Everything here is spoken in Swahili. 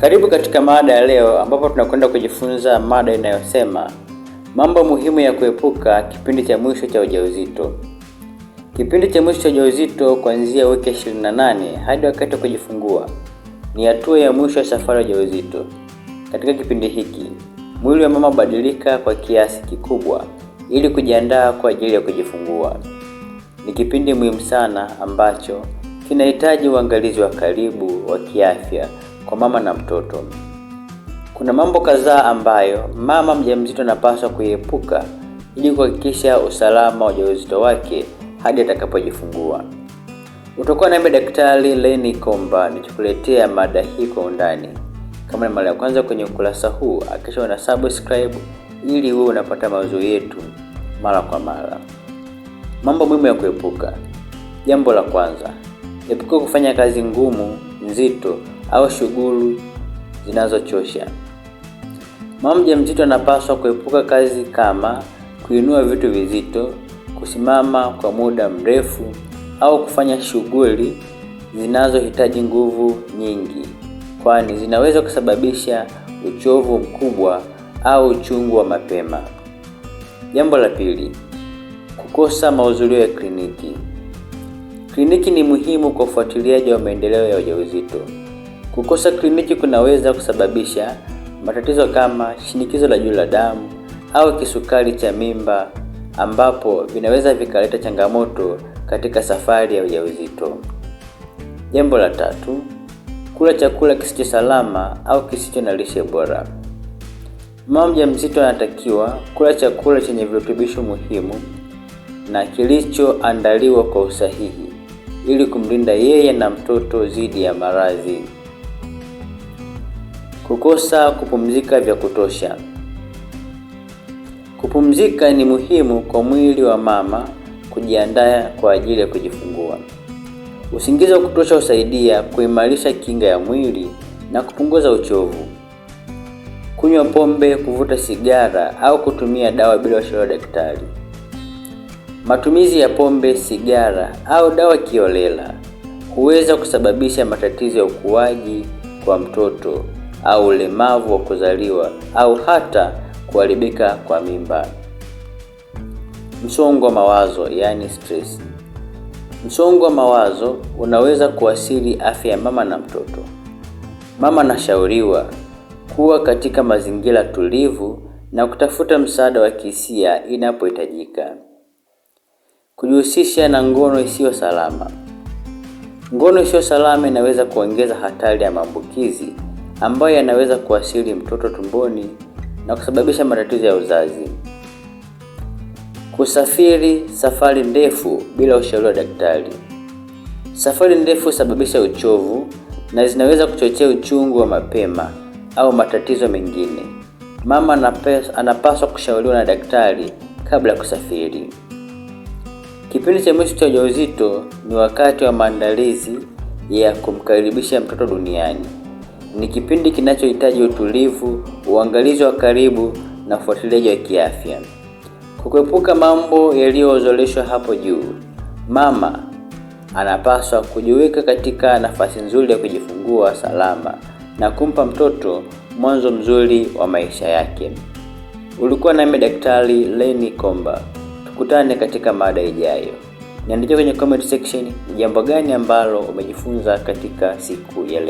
Karibu katika mada ya leo ambapo tunakwenda kujifunza mada inayosema mambo muhimu ya kuepuka kipindi cha mwisho cha ujauzito. Kipindi cha mwisho cha ujauzito kuanzia wiki 28 hadi wakati wa kujifungua ni hatua ya mwisho ya safari ya ujauzito. Katika kipindi hiki, mwili wa mama badilika kwa kiasi kikubwa ili kujiandaa kwa ajili ya kujifungua. Ni kipindi muhimu sana ambacho kinahitaji uangalizi wa karibu wa kiafya kwa mama na mtoto. Kuna mambo kadhaa ambayo mama mjamzito anapaswa kuiepuka ili kuhakikisha usalama wa ujauzito wake hadi atakapojifungua. Utakuwa nami Daktari Leni Komba nichukuletea mada hii kwa undani. Kama ni mara ya kwanza kwenye ukurasa huu, hakikisha una subscribe ili uwe unapata mauzo yetu mara kwa mara. Mambo muhimu ya kuepuka: jambo la kwanza, epuka kufanya kazi ngumu, nzito au shughuli zinazochosha. Mama mjamzito anapaswa kuepuka kazi kama kuinua vitu vizito, kusimama kwa muda mrefu au kufanya shughuli zinazohitaji nguvu nyingi, kwani zinaweza kusababisha uchovu mkubwa au uchungu wa mapema. Jambo la pili, kukosa mahudhurio ya kliniki. Kliniki ni muhimu kwa ufuatiliaji wa maendeleo ya ujauzito. Kukosa kliniki kunaweza kusababisha matatizo kama shinikizo la juu la damu au kisukari cha mimba ambapo vinaweza vikaleta changamoto katika safari ya ujauzito. Jambo la tatu, kula chakula kisicho salama au kisicho na lishe bora. Mama mjamzito anatakiwa kula chakula chenye virutubisho muhimu na kilichoandaliwa kwa usahihi ili kumlinda yeye na mtoto dhidi ya maradhi. Kukosa kupumzika vya kutosha. Kupumzika ni muhimu kwa mwili wa mama kujiandaa kwa ajili ya kujifungua. Usingizi wa kutosha husaidia kuimarisha kinga ya mwili na kupunguza uchovu. Kunywa pombe, kuvuta sigara au kutumia dawa bila ushauri wa daktari. Matumizi ya pombe, sigara au dawa kiolela huweza kusababisha matatizo ya ukuaji kwa mtoto au ulemavu wa kuzaliwa au hata kuharibika kwa mimba. Msongo wa mawazo yani stress. Msongo wa mawazo unaweza kuathiri afya ya mama na mtoto. Mama anashauriwa kuwa katika mazingira tulivu na kutafuta msaada wa kihisia inapohitajika. Kujihusisha na ngono isiyo salama. Ngono isiyo salama inaweza kuongeza hatari ya maambukizi ambayo yanaweza kuasili mtoto tumboni na kusababisha matatizo ya uzazi. Kusafiri safari ndefu bila ushauri wa daktari. Safari ndefu husababisha uchovu na zinaweza kuchochea uchungu wa mapema au matatizo mengine. Mama anapaswa kushauriwa na daktari kabla ya kusafiri. Kipindi cha mwisho cha ujauzito ni wakati wa maandalizi ya kumkaribisha mtoto duniani. Ni kipindi kinachohitaji utulivu, uangalizi wa karibu na ufuatiliaji wa kiafya kwa kuepuka mambo yaliyozoleshwa hapo juu. Mama anapaswa kujiweka katika nafasi nzuri ya kujifungua salama na kumpa mtoto mwanzo mzuri wa maisha yake. Ulikuwa nami Daktari Lenny Komba, tukutane katika mada ijayo. Niandikia kwenye comment section ni jambo gani ambalo umejifunza katika siku ya leo.